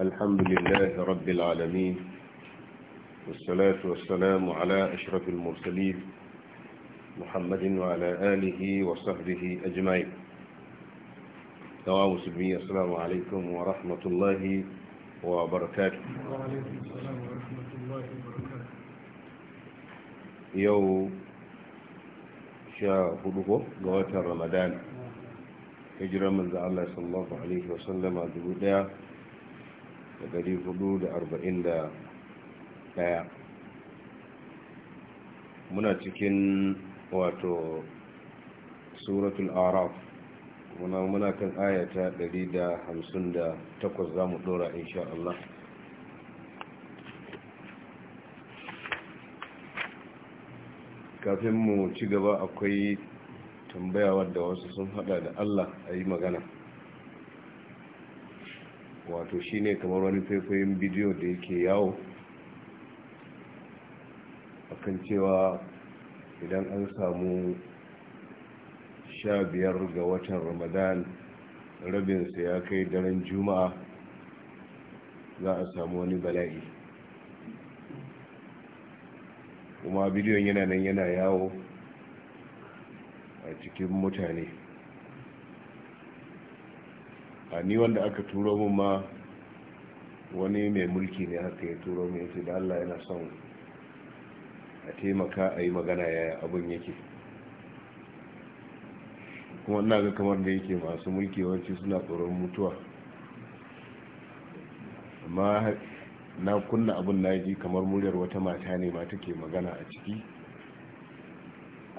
الحمد لله رب العالمين والصلاة والسلام على أشرف المرسلين محمد وعلى آله وصحبه أجمعين تواوس بي السلام عليكم ورحمة الله وبركاته وعليكم السلام ورحمة الله وبركاته يوم شاهده قوات رمضان نعم. هجرة من ذا الله صلى الله عليه وسلم wasallama da dari hudu da arba'in da daya muna cikin wato suratul araf muna muna kan ayata dari da hamsin da takwas za mu dora insha Allah kafin mu ci gaba akwai tambayawa da wasu sun hada da Allah a yi magana wato shine kamar wani faifayin bidiyo da yake yawo a kan cewa idan an samu sha biyar ga watan ramadan rabinsa ya kai daren juma'a za a samu wani bala'i kuma bidiyon yana nan yana yawo a cikin mutane a ni wanda aka turo min ma wani mai mulki ne haka ya turo min yace da Allah yana son a taimaka a yi magana yaya abun yake kuma ina ga kamar da yake masu mulki yawanci suna tsoron mutuwa amma na kunna abun na ji kamar muryar wata mata ne ma take magana a ciki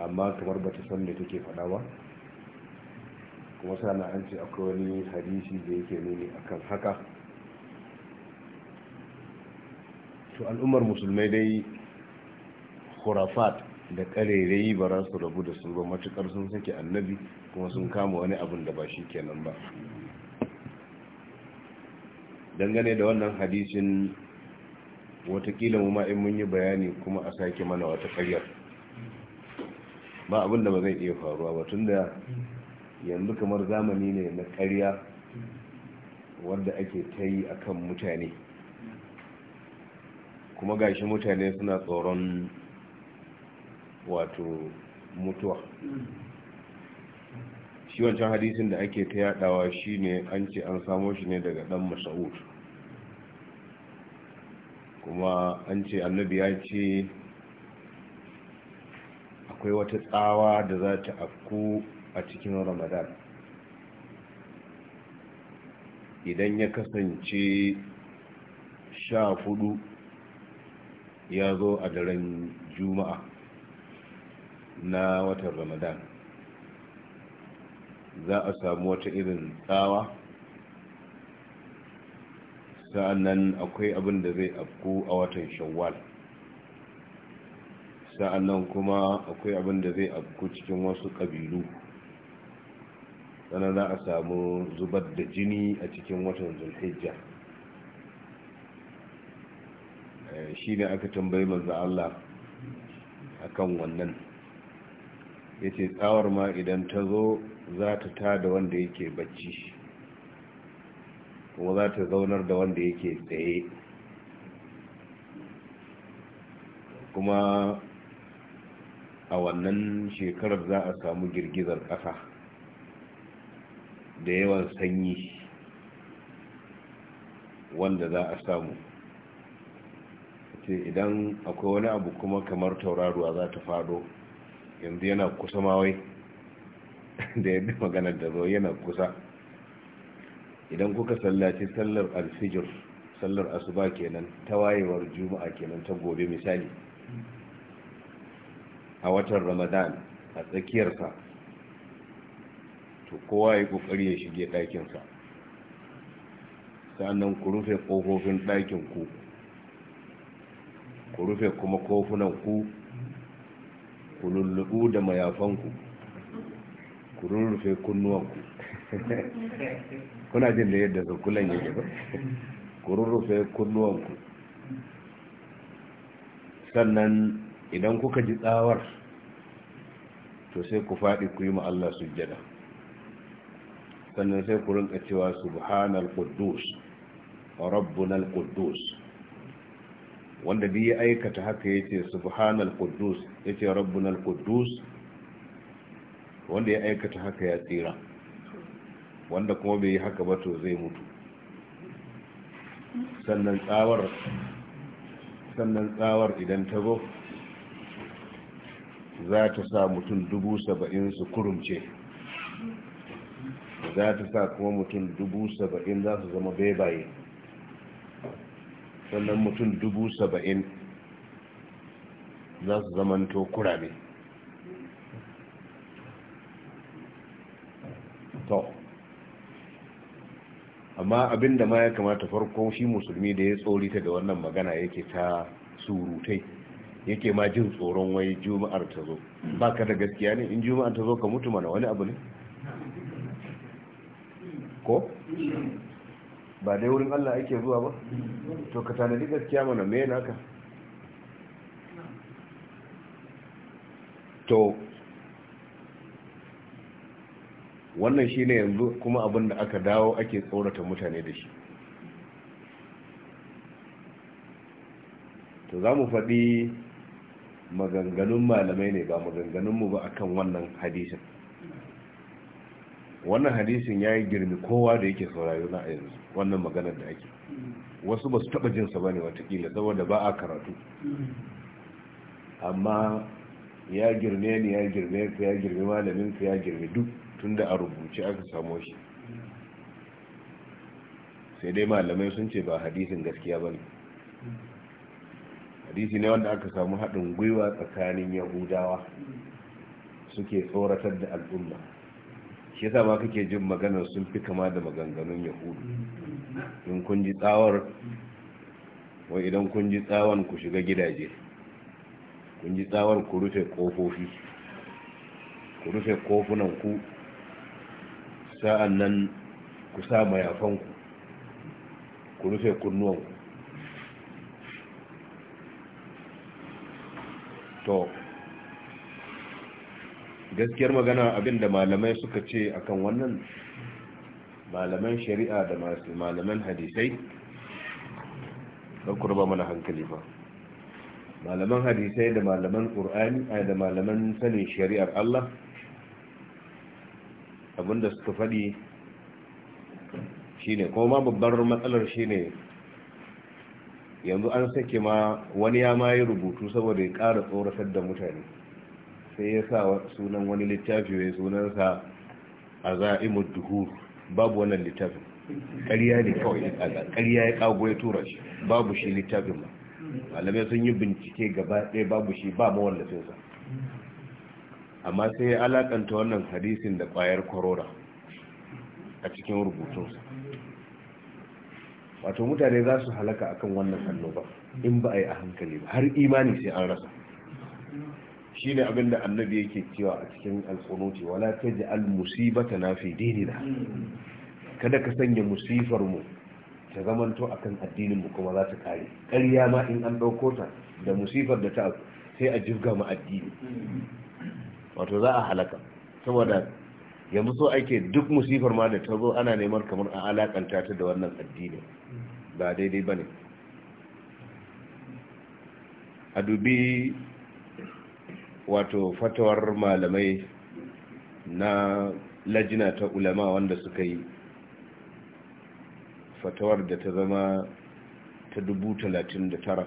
amma kamar bata san da take faɗa ba kuma sana an ce akwai wani hadisi da yake nuni akan haka to al'ummar musulmai dai khurafat da karerai ba za su rabu da su ba matukar sun sake annabi kuma sun kama wani abin da ba shi kenan ba dangane da wannan hadisin watakila mu in mun yi bayani kuma a sake mana wata karyar ba abinda ba zai iya faruwa ba tun da yanzu kamar zamani ne na ƙarya wadda ake ta yi a kan mutane kuma gashi mutane suna tsoron wato mutuwa shi wancan hadisin da ake ta yadawa shi ne an ce an samo shi ne daga dan masa'ud kuma an ce annabi ya ce akwai wata tsawa da za ta afku a cikin ramadan idan ya kasance sha hudu ya zo a daren juma'a na watan ramadan za a samu wata irin tsawa sa'annan akwai abin da zai afku a watan shawwal sa'annan kuma akwai abin da zai afku cikin wasu ƙabilu sannan za a samu zubar da jini a cikin watan zulhijja eh, shi ne aka tambayi manzo Allah akan wannan ya ce tsawar ma idan ta zo za ta ta da wanda yake bacci kuma za ta zaunar da wanda yake tsaye kuma a wannan shekarar za a samu girgizar ƙasa da yawan sanyi wanda za a samu ce idan akwai wani abu kuma kamar tauraruwa za ta fado yanzu yana kusa mawai da yadda maganar da zo yana kusa idan kuka sallaci sallar alfijir sallar asuba kenan ta wayewar juma'a kenan ta gobe misali a watan ramadan a tsakiyarsa to kowa ya kokari ya shige ɗakinsa sannan ku rufe ƙofofin ɗakin ku ku rufe kuma kofunan ku ku lullubu da mayafanku ku rufe kunnuwanku kuna jin da yadda zurkulan yake ba ku rufe kunnuwanku sannan idan kuka ji tsawar to sai ku faɗi ku yi ma Allah sujjada sannan sai ku rinka cewa subhanal quddus rabbunal quddus wanda bi ya aikata haka yace subhanal quddus yace rabbunal quddus wanda ya aikata haka ya tsira wanda kuma bai yi haka ba to zai mutu sannan tsawar sannan tsawar idan ta zo za ta sa mutum dubu saba'in su kurumce za ta sa kuma mutum dubu saba'in za su zama bebaye sannan mutum dubu saba'in za su zama to kurame to amma abinda ma ya kamata farko shi musulmi da ya tsorita da wannan magana yake ta surutai yake ma jin tsoron wai juma'ar ta zo ba ka da gaskiya ne in juma'ar ta zo ka mutu mana wani abu ne ko ba dai wurin Allah ake zuwa ba to ka tanadi gaskiya mana me naka to wannan shine yanzu kuma abin da aka dawo ake tsorata mutane da shi to za mu faɗi maganganun malamai ne ba maganganunmu ba akan wannan hadisin wannan hadisin ya yi girmi kowa da yake saurayo na yanzu wannan maganar da ake wasu ba su taɓa jinsa ba ne watakila saboda ba a karatu amma ya girme ni ya girme ka ya girme malamin ka ya girme duk tun da a rubuce aka samo shi sai dai malamai sun ce ba hadisin gaskiya ba ne hadisi ne wanda aka samu haɗin gwiwa tsakanin yahudawa suke tsoratar da al'umma shi yasa ma kake jin magana sun fi kama da maganganun yahudu in kun ji tsawar wa idan kun ji tsawon ku shiga gidaje kun ji tsawar ku rufe kofofi ku rufe kofunan ku sa'an nan ku sa mayafanku ku rufe kunnuwanku to gaskiyar magana abin da malamai suka ce akan wannan malaman shari'a da masu malaman hadisai don kurba mana hankali ba malaman hadisai da malaman ƙur'ani a eh, da malaman sanin shari'ar Allah abinda suka faɗi shi ne kuma babbar matsalar shi ne, yanzu an sake ma wani ya ma yi rubutu saboda ya ƙara tsoratar da mutane sai ya sa sunan wani littafi mai sunansa a za'imar duhur babu wannan littafin ƙarya ne kawai ƙarya ya ƙago ya tura shi babu shi littafin ba malamai sun yi bincike gaba ɗaya babu shi ba ma mawallafinsa amma sai ya alakanta wannan hadisin da ƙwayar korona a cikin rubutunsa wato mutane za su halaka akan wannan annoba in ba a yi a hankali ba har imani sai an rasa shine abin da annabi yake cewa a cikin alƙunuti wala taj'al ta na fi dinina kada ka sanya musifar mu ta zamanto akan addinin mu kuma za ta kare ƙarya ma in an ɗauko ta da musifar da ta sai a jirga ma addini wato za a halaka saboda yanzu so ake duk musifar ma da ta zo ana neman kamar a alakanta ta da wannan addini ba daidai ba ne a dubi wato fatawar malamai na lajina ta ulama wanda suka yi fatawar da ta zama ta dubu talatin da tara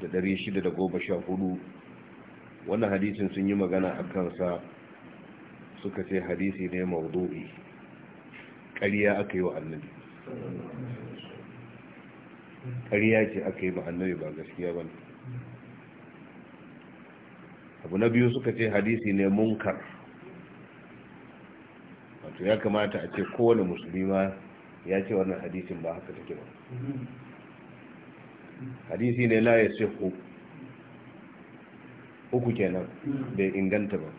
da dari shida da goma sha hudu wannan hadisin sun yi magana a kansa suka ce hadisi ne maudu'i ƙariya aka yi wa annabi ƙariya ce aka yi ma annabi ba gaskiya ba ne abu na biyu suka ce hadisi ne munkar wato ya kamata a ce kowane musulima ya ce wannan hadisin ba haka take ba hadisi ne la ya sihu uku kenan bai inganta ba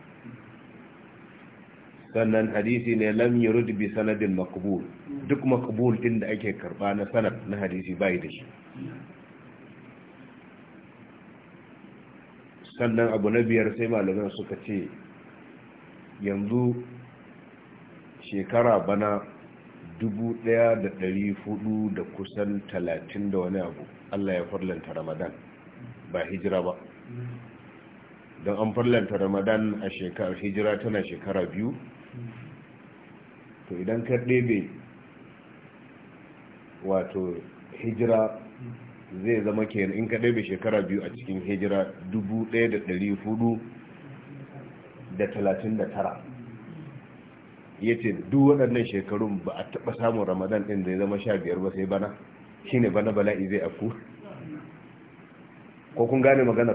sannan hadisi ne lam yurid bi sanadin makbul duk makbul din da ake karba na sanad na hadisi bai da shi sannan abu na biyar sai malaman suka ce yanzu shekara bana dubu ɗaya da ɗari hudu da kusan talatin da wani abu allah ya farlanta ramadan ba hijira ba don an farlanta ramadan a shekarar hijira tana shekara biyu to idan ka ɗebe wato hijira zai zama kenan in ka ɗaibe shekara biyu a cikin hijira 1439 ya ce duk waɗannan shekarun ba a taɓa samun ramadan ɗin da ya zama sha biyar ba sai bana Shi ne bana bala'i zai afku ko kun gane magana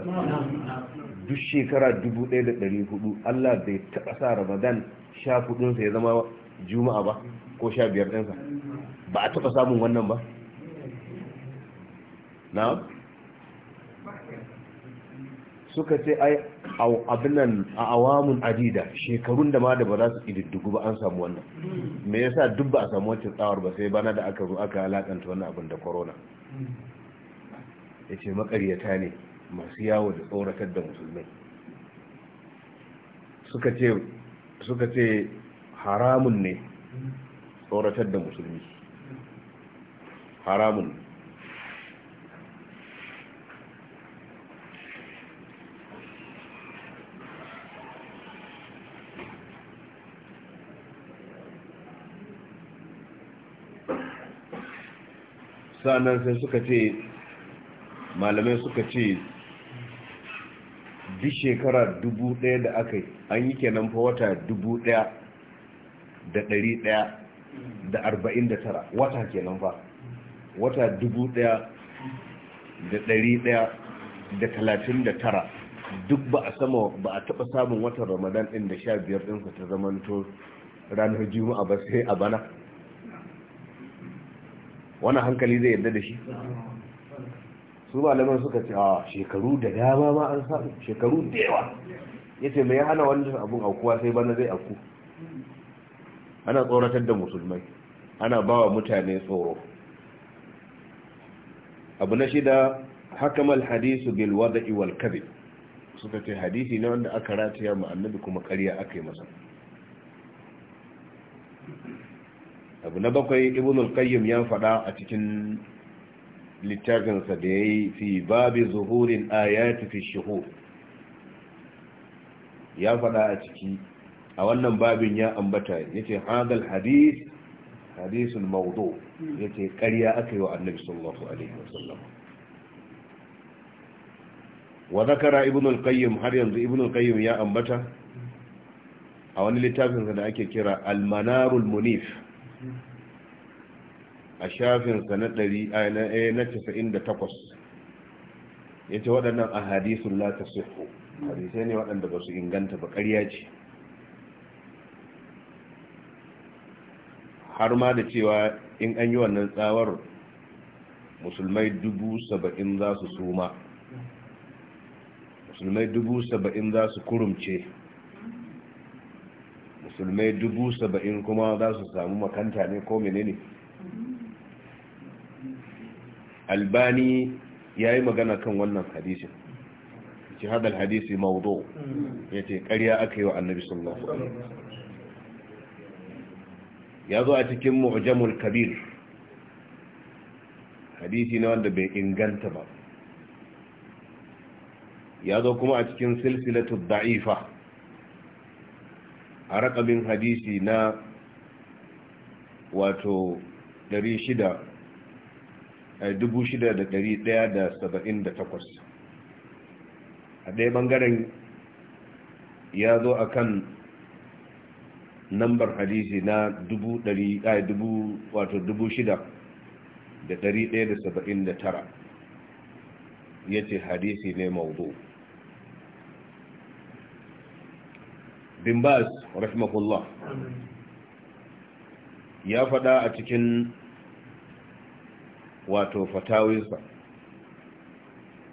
duk shekara 1400 allah bai taɓa sa ramadan sha hudunsa ya zama juma'a ba ko sha biyar ɗinsa ba a taɓa samun wannan ba na suka ce ai abinan a awamun adida shekarun da ma da ba za su ididdigu ba an samu wannan me yasa duk ba a samu wacin tsawar ba sai bana da aka zo aka alakanta wannan abin da corona ya ce makaryata ne masu yawo da tsoratar da musulmai suka ce haramun ne tsoratar da musulmi haramun sannan sai suka ce malamai suka ce duk shekara dubu ɗaya da aka yi an yi kenan fa wata dubu ɗaya da ɗari ɗaya da arba'in da tara wata kenan fa wata dubu ɗaya da ɗari ɗaya da talatin da tara duk ba a sama ba a taɓa samun watan ramadan ɗin da sha biyar ɗinsa ta zamanto ranar juma'a ba sai a bana wani hankali zai yadda da shi su malaman suka ce a ah, shekaru da dama ma an samu shekaru da yawa ya ce mai hana wannan abin aukuwa sai bana zai auku ana tsoratar da musulmai ana ba wa mutane tsoro abu na shida hakamal hadisu bil da iwal kabe suka ce hadisi na wanda aka rataya mu annabi kuma karya aka yi masa abu na bakwai ibn al-qayyim ya faɗa a cikin littafinsa da ya yi fi babi zuhurin ayati fi shuhur ya faɗa a ciki a wannan babin ya ambata ya ce hadal hadis hadisun maudu ya ce ƙarya aka yi wa annabi sallallahu alaihi wasallam wa zakara ibn al-qayyim har yanzu ibn al-qayyim ya ambata a wani littafinsa da ake kira al-manarul munif a shafinsa na eh, takwas, ya ce waɗannan a hadisun lata siffo hadisai ne waɗanda ba su inganta ba ƙarya ce har ma da cewa in an yi wannan tsawar musulmai dubu saba'in za su suma musulmai dubu saba'in za su kurumce musulmai dubu saba'in kuma za su samu makanta ne ko menene albani ya yi magana kan wannan hadisin ce hadal hadisi maudu ya ce ƙarya aka yi wa annabi sallallahu alaihi ya zo a cikin mu'jamul kabir hadisi na wanda bai inganta ba ya zo kuma a cikin silsilatu da'ifa a raƙabin hadisi na wato 600 6,178 eh, a ɗaya ɓangaren ya zo a kan nambar hadisi na 6,179 eh, ya ce hadisi ne maudu bin baz rahimahullah ya faɗa a cikin wato fatawinsa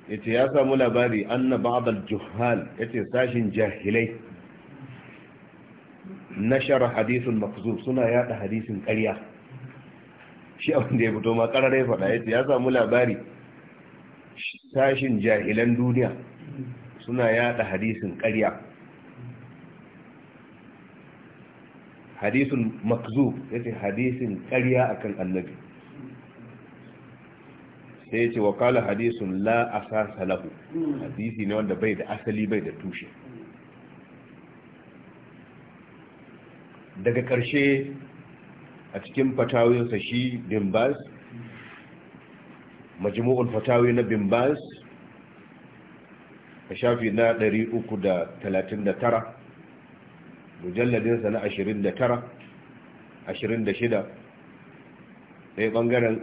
yace ya samu labari anna ba'dal juhal yace sashin jahilai nashara hadithul makzub suna yada hadisin ƙarya shi abin da ya fito ma ƙararai faɗa yace ya samu labari sashin jahilan duniya suna yada hadisin ƙarya hadisun makzub yace hadisin ƙarya akan annabi sai ya ce wa kala hadisun la asasa lahu hadisi ne wanda bai da asali bai da tushe daga ƙarshe a cikin fatawinsa shi bimbas majmu'ul fatawi na bimbas a shafi na 339 mujalladinsa na 29 26 sai bangaren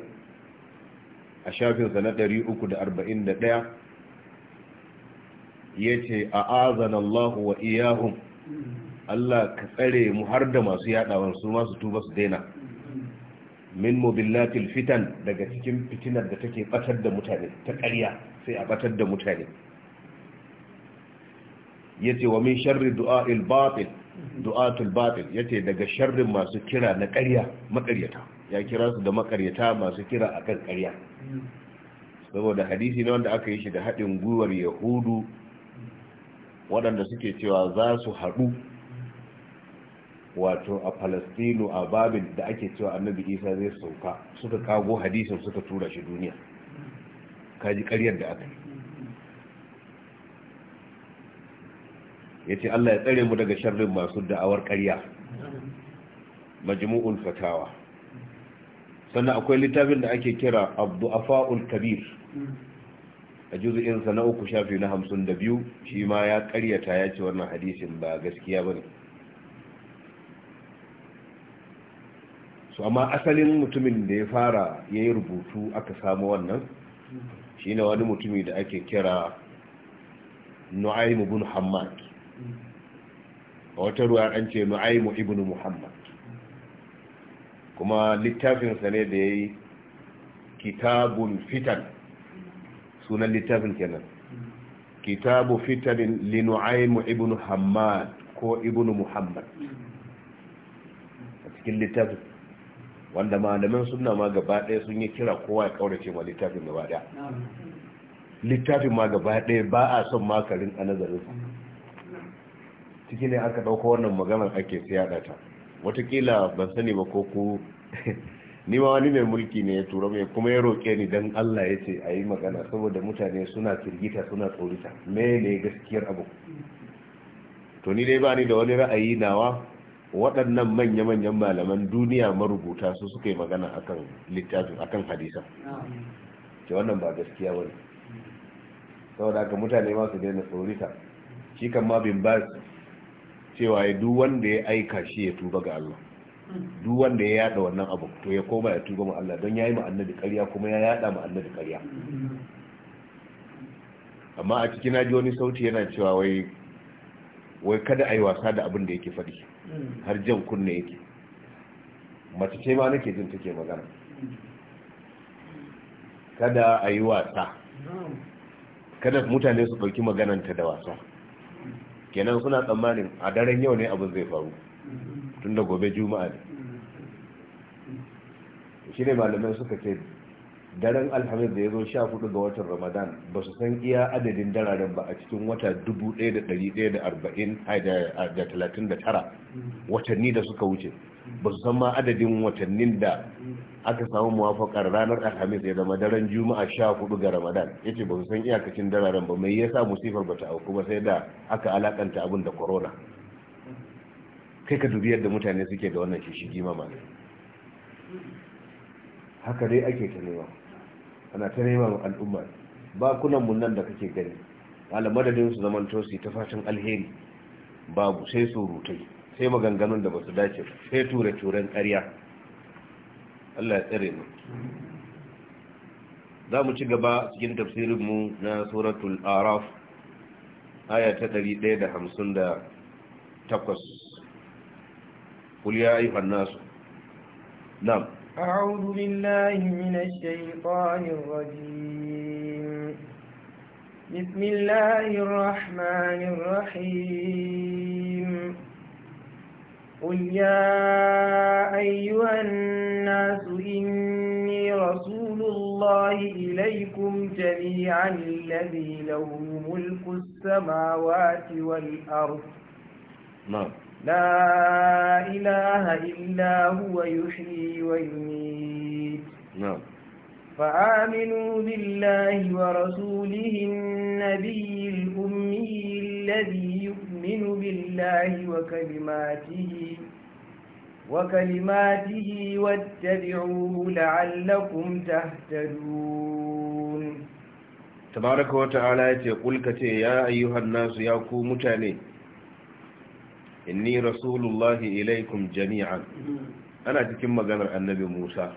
a shafinsa na 341 ya ce a azanallahu wa iyahun Allah ka tsare mu har da masu yadawar su masu tuba su daina min mobilatil fitan daga cikin fitinar da take batar da mutane ta ƙarya sai a batar da mutane ya ce wa min sharri du'a'il batil du'atul batil ya ce daga sharrin masu kira na ƙarya maƙaryata ya kira su da makaryata masu kira akan ƙarya saboda hadisi na wanda aka yi shi da haɗin gwiwar yahudu waɗanda suke cewa za su haɗu wato a palestino a babin da ake cewa annabi isa zai sauka suka kago hadisin suka tura shi duniya kaji karyar da aka yi ya ce allah ya tsare mu daga sharrin masu da'awar karya majimu'ul fatawa sannan akwai littafin da ake kira abdu afa'ul kabir a juzu'insa na uku shafi na hamsin da biyu shi ma ya karyata ya ce wannan hadisin ba gaskiya ba ne su amma asalin mutumin da ya fara ya yi rubutu aka samu wannan shi ne wani mutumi da ake kira nu'aimu bin hamad a wata ruwa an ce nu'aimu ibn muhammad kuma littafinsa ne da ya yi kitabun fitan sunan littafin kenan kitabu fitanin linu'aimu ibn hamad ko ibn muhammad a cikin littafin wanda malaman suna ma gaba ɗaya sun yi kira kowa ya kaurace ma littafin gaba ɗaya littafin ma gaba ɗaya ba a son makarin a nazarinsa ciki ne aka ɗauko wannan maganar ake siyaɗa ta watakila ban sani ba ko ku ni ma wani mai mulki ne ya tura mai kuma ya roƙe ni dan Allah ya ce a yi magana saboda mutane suna firgita suna tsorita mene gaskiyar abu to ni dai ba ni da wani ra'ayi nawa waɗannan manya-manyan malaman duniya marubuta su suka yi magana akan littafin akan hadisa ce wannan ba gaskiya wani saboda haka mutane ma su daina tsorita shi kan ma bin ba cewa ya duk wanda ya aika shi ya tuba ga Allah duk wanda ya yada wannan abu to ya koma ya tuba ma Allah don yayi ma annabi ƙarya kuma ya yada ma annabi amma a cikin naji wani sauti yana cewa wai wai kada yi wasa da abin da yake faɗi har jan kunne yake mace ce ma nake jin take magana kada yi wasa kada mutane su ɗauki magananta da wasa kenan suna tsammanin a daren yau ne abin zai faru tun da gobe juma'a ne shi ne malamai suka ce daren alhamis da ya zo sha hudu ga watan ramadan ba su san iya adadin dararen ba a cikin wata 1139 watanni da suka wuce ba su san ma adadin watannin da aka samu muwafakar ranar alhamis ya zama daren juma'a sha hudu ga ramadan ya ce ba su san iyakacin dararen ba mai yasa musifar ba ta auku ba sai da aka alakanta abin da corona kai ka dubi yadda mutane suke da wannan shishigi mamaki haka dai ake ta nema ana ta nema al'umma ba kunan mun nan da kake gani madadin su zaman to ta fatan alheri babu sai surutai sai maganganun da basu su dace sai tura turan ƙarya Allah ya tsare mu za mu ci gaba cikin mu na suratul araf aya ta 158 kul ya ayyuhan nasu na'am أعوذ بالله من الشيطان الرجيم بسم الله الرحمن الرحيم قل يا أيها الناس إني رسول الله إليكم جميعا الذي له ملك السماوات والأرض نعم لا إله إلا هو يحيي ويميت نعم فآمنوا بالله ورسوله النبي الأمي الذي يؤمن بالله وكلماته وكلماته واتبعوه لعلكم تهتدون تبارك وتعالى يقول كتي يا أيها الناس يا كو متاني inni rasulullahi ilaikum jami'an ana cikin maganar annabi musa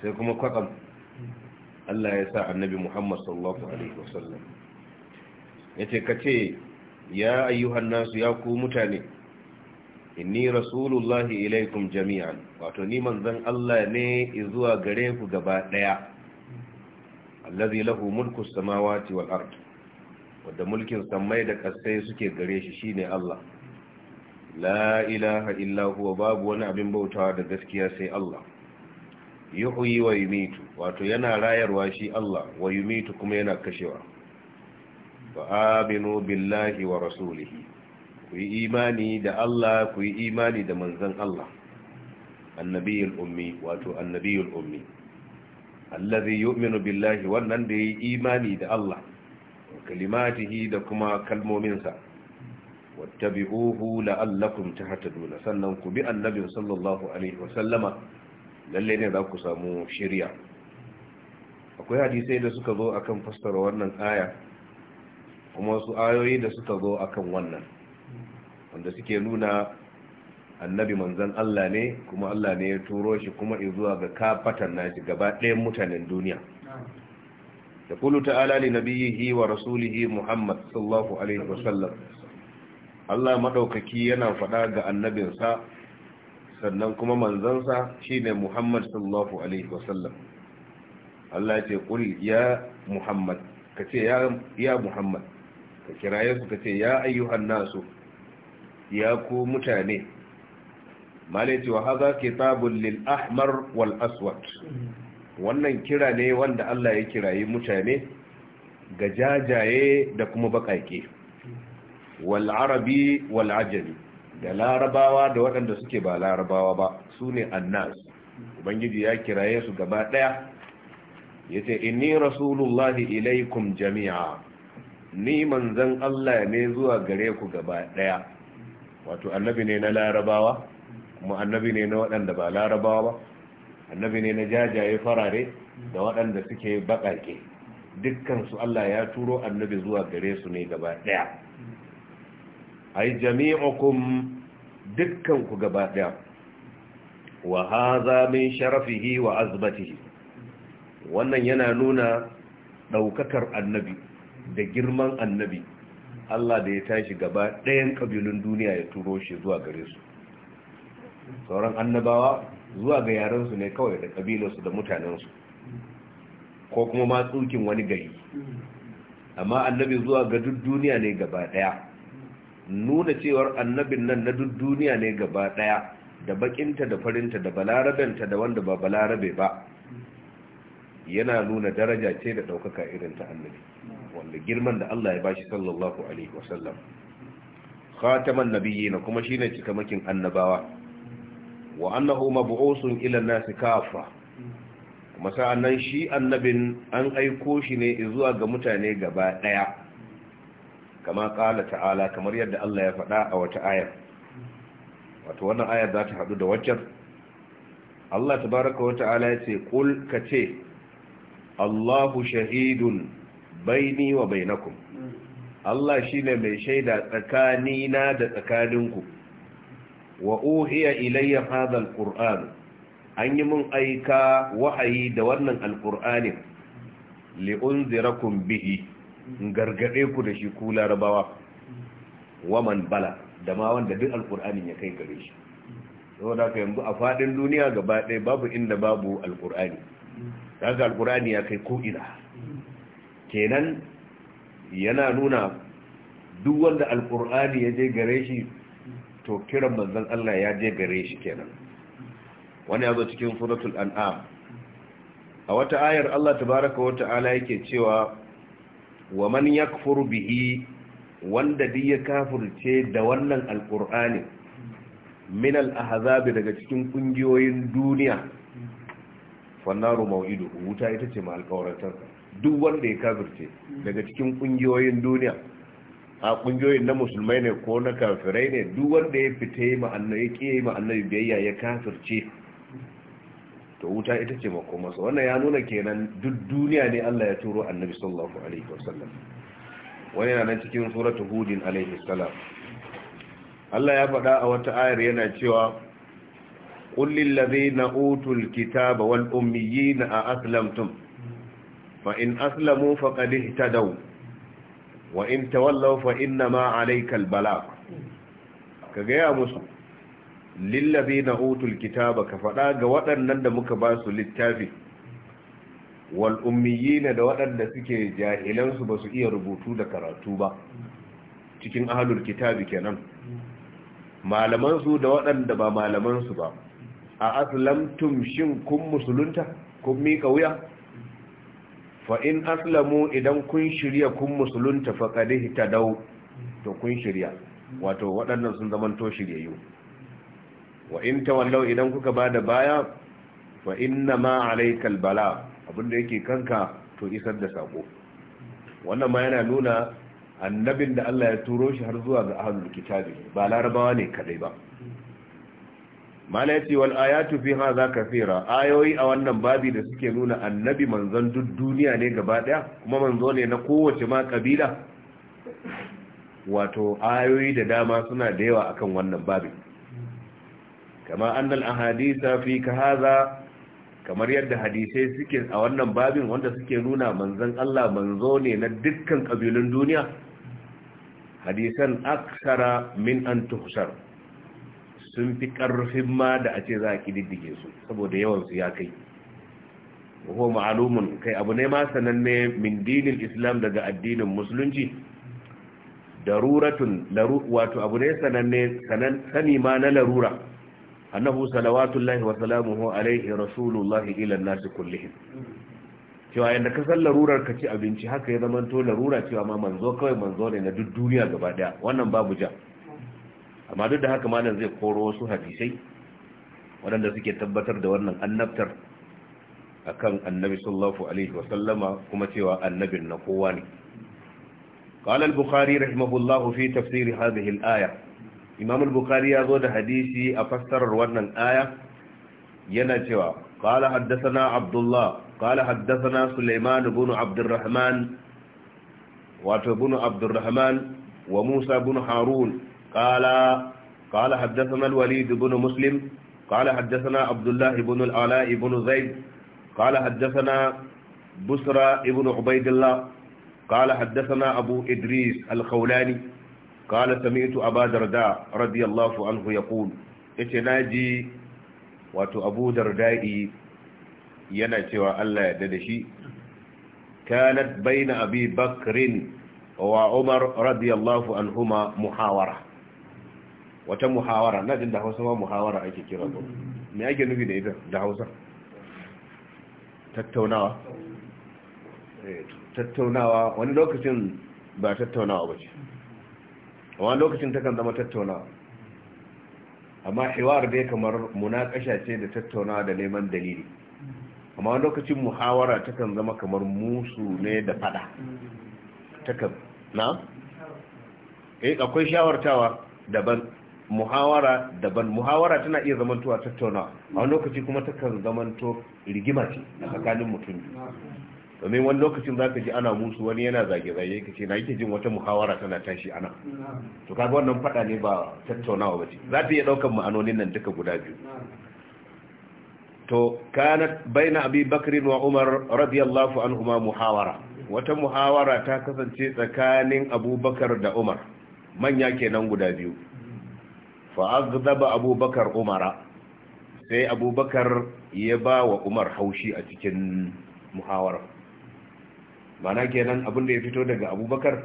sai kuma kwakwam allah ya sa annabi muhammad sallallahu alaihi wasallam ya ce ka ce ya ayyuhan nasu ya ku mutane inni rasulullahi ilaikum jami'an wato ni manzon allah ne zuwa gare ku gaba daya allazi lahu mulku samawati wal ard wanda mulkin samai da kasai suke gare shi shine allah la ilaha illa huwa babu wani abin bautawa da gaskiya sai Allah yuhyi wa yi mitu wato yana rayarwa shi Allah wa yi mitu kuma yana kashewa fa aminu billahi wa rasulihi ku yi imani da Allah ku yi imani da manzan Allah annabiyul ummi wato annabiyul ummi allazi yu'minu billahi wannan da yi imani da Allah kalimatihi da kuma kalmominsa wattabi'uhu la'allakum tahtaduna sannan ku bi annabi sallallahu alaihi wasallama lalle ne za ku samu shiriya akwai hadisai da suka zo akan fassara wannan aya kuma wasu ayoyi da suka zo akan wannan wanda suke nuna annabi manzan Allah ne kuma Allah ne ya turo shi kuma zuwa ga kafatan nashi gaba ɗayan mutanen duniya da kulu ta li nabiyhi wa rasulihi Muhammad sallallahu alaihi Allah maɗaukaki yana faɗa ga annabinsa sannan kuma manzansa shine Muhammad sallallahu alaihi wasallam Allah ya ce kuri ya Muhammad ka ce ya Muhammad ka kira yansu ka ce ya ayyuhan nasu ya ku mutane malai wa hadha kitabun lil ahmar wal aswad wannan kira ne wanda Allah ya kiraye mutane ga jajaye da kuma baƙaƙe Wal'arabi arabi da larabawa da waɗanda suke ba larabawa ba su ne annas ubangiji ya kiraye su gaba ɗaya ya ce inni rasulullahi ilaikum jami'a ni manzan Allah ne zuwa gare ku gaba ɗaya wato annabi ne na larabawa kuma annabi ne na waɗanda ba larabawa ba annabi ne na jajaye farare da waɗanda suke baƙaƙe dukkansu Allah ya turo annabi zuwa gare su ne gaba ɗaya ai jami'ukum dukkan ku gaba daya wa hadha min sharafihi wa azmatihi wannan yana nuna daukakar annabi da girman annabi Allah da ya tashi gaba ɗayan kabilun duniya ya turo shi zuwa gare su sauran annabawa zuwa ga yaran su ne kawai da kabilarsu da mutanensu ko kuma ma wani gari amma annabi zuwa ga duk duniya ne gaba daya nuna cewar annabin nan na duk duniya ne gaba daya da bakinta da farinta da balarabenta da wanda ba balarabe ba yana nuna daraja ce da ɗaukaka irin ta annabi wanda girman da Allah ya bashi sallallahu alaihi wasallam khataman nabiyina kuma shine cikamakin annabawa wa annahu mab'usun ila nasi Masanan kafa kuma sa'annan shi annabin an aiko shi ne zuwa ga mutane gaba daya kama ƙala ta'ala kamar yadda Allah ya faɗa a wata ayar wato wannan ayar za ta haɗu da waccan Allah tabaraka wa ta'ala ya ce kul ka ce Allahu shahidun baini wa bainakum Allah shine mai shaida tsakanina da tsakaninku wa uhiya ilayya hadha alquran an yi mun aika wahayi da wannan alqur'ani li unzirakum bihi Gargaɗe ku da shi ku larabawa waman bala da ma wanda duk alkur'anin ya kai gare shi saboda ka yanzu a fadin duniya gaba ɗaya babu inda babu alkur'ani daga alkur'ani ya kai ko ina kenan yana nuna duk wanda alkur'ani ya je gare shi to kiran manzon Allah ya je gare shi kenan wani ya cikin suratul an'am a wata ayar Allah tabaraka wa ta'ala yake cewa wa man yakfur bihi wanda duk ya kafirce da wannan alqur'ani min al-ahzab daga cikin kungiyoyin duniya fannaru mau'idu wuta ita ce ma alƙawarantar duk wanda ya kafirce daga cikin kungiyoyin duniya a kungiyoyin na musulmai ne ko na kafirai ne duk wanda ya fita yi ma'annabi ya ƙi yi biyayya ya kafirce to wuta ita ce makomarsa wannan ya nuna kenan duk duniya ne Allah ya turo annabi sallallahu alaihi wasallam wani yana cikin suratu hudin alaihi salam Allah ya faɗa a wata ayar yana cewa qul lil na utul kitaba wal na a aslamtum fa in aslamu ta dau. wa in tawallaw fa inna ma alayka Bala. ka gaya musu lillabi na utul kitaba ka faɗa ga waɗannan da muka ba su littafi wal ummiyina da waɗanda suke jahilansu ba su iya rubutu da karatu ba cikin ahalul kitabi kenan su da waɗanda ba malaman su ba a aslamtum shin kun musulunta kun miƙa wuya fa in aslamu idan kun shirya kun musulunta faƙadihi ta dau to kun shirya wato waɗannan sun zamanto shiryayyu wa in tawallau idan kuka ba da baya wa inna ma alaikal bala abinda yake kanka to isar da sako wannan ma yana nuna annabin da Allah ya turo shi har zuwa ga ahlul kitabi ba larabawa ne kadai ba malati wal ayatu fi hadha kathira ayoyi a wannan babi da suke nuna annabi manzon duk duniya ne gaba daya kuma manzo ne na kowace ma kabila wato ayoyi da dama suna da yawa akan wannan babin kama annal ahadisa fi kahaza kamar yadda hadisai suke a wannan babin wanda suke nuna manzon Allah manzo ne na dukkan kabilun duniya hadisan aksara min an tuhsar sun fi karfin ma da a ce za a kididdige su saboda yawan su ya kai ko ma'alumun kai abu ne ma sananne min dinin islam daga addinin musulunci daruratun wato abu ne sananne sani ma na larura annahu salawatullahi wa salamuhu alaihi rasulullahi ila nasu kullihim cewa yadda ka san larurar ka ci abinci haka ya zama to larura cewa ma manzo kawai manzo ne na duk duniya gaba daya wannan babu ja amma duk da haka malam zai koro wasu hadisai waɗanda suke tabbatar da wannan annabtar akan annabi sallallahu alaihi wa sallama kuma cewa annabin na kowa ne قال Bukhari rahimahullahu fi في تفسير hilaya. imam al-bukhari ya zo da hadisi a fassarar wannan aya yana cewa qala haddathana abdullah qala haddathana sulaiman ibn abdurrahman wato ibn abdurrahman wa musa ibn harun qala qala haddathana al ibn muslim qala haddathana abdullah ibn al-ala ibn zaid qala haddathana busra ibn ubaidillah qala haddathana abu idris al-khawlani قال سمعت أبا درداء رضي الله عنه يقول اتناجي واتو أبو درداء ينتوى ألا يددشي كانت بين أبي بكر وعمر رضي الله عنهما muhawara wata muhawara na jin da hausa ma muhawara ake kira ko me ake nufi da ita da hausa tattaunawa tattaunawa wani lokacin ba tattaunawa ba ce wani lokacin ta kan zama tattaunawa amma hiwar dai kamar munakasha ce da tattaunawa da neman dalili amma wani lokacin muhawara ta kan zama kamar musu ne da fada kan na? eh akwai shawartawa daban muhawara daban muhawara tana iya zamantowa tattaunawa a wani lokaci kuma takan zamanto rigima ce a tsakanin mutum domin wani lokacin za ka ji ana musu wani yana zage-zage ka ce na yake jin wata muhawara tana tashi ana to kaga wannan fada ne ba tattaunawa ba ce za ta iya daukan ma'anonin nan duka guda biyu to kana baina abi bakri wa umar radiyallahu anhuma muhawara wata muhawara ta kasance tsakanin abubakar da umar manya kenan guda biyu fa azdaba abubakar umara sai abubakar ya ba wa umar haushi a cikin muhawara mana kenan abin da ya fito daga abubakar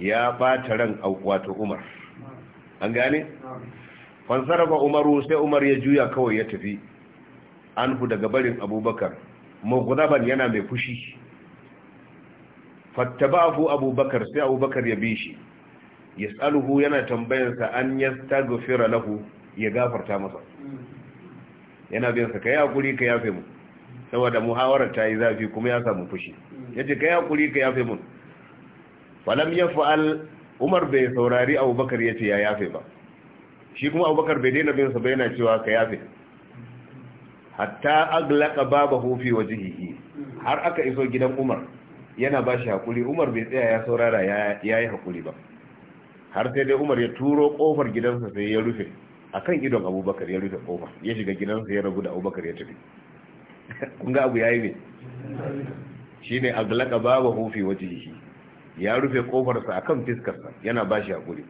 ya bata ran wato umar an gane sarrafa umaru sai umar ya juya kawai ya tafi an hu daga barin abubakar magudaban yana mai fushi afu abubakar sai abubakar ya bi shi ya tsaluhu yana tambayarsa an ya stagofira lahu ya gafarta masa yana biyansa ka yi hakuri ka yafe mu saboda muhawarar ta yi zafi kuma ya samu fushi yace kai hakuri ka yafe mun falam yaf'al Umar bai saurari Abubakar ya ce ya yafe ba shi kuma Abubakar bai daina bin sa ba yana cewa ka yafe hatta aglaqa babahu fi wajhihi har aka iso gidan Umar yana ba shi hakuri Umar bai tsaya ya saurara ya yi hakuri ba har sai dai Umar ya turo kofar gidansa sai ya rufe akan idon Abubakar ya rufe ƙofa, ya shiga gidansa ya rabu da Abubakar ya tafi kun ga abu yayi ne shine aglaka baba hufi wajhihi ya rufe kofarsa akan fiskarsa yana bashi hakuri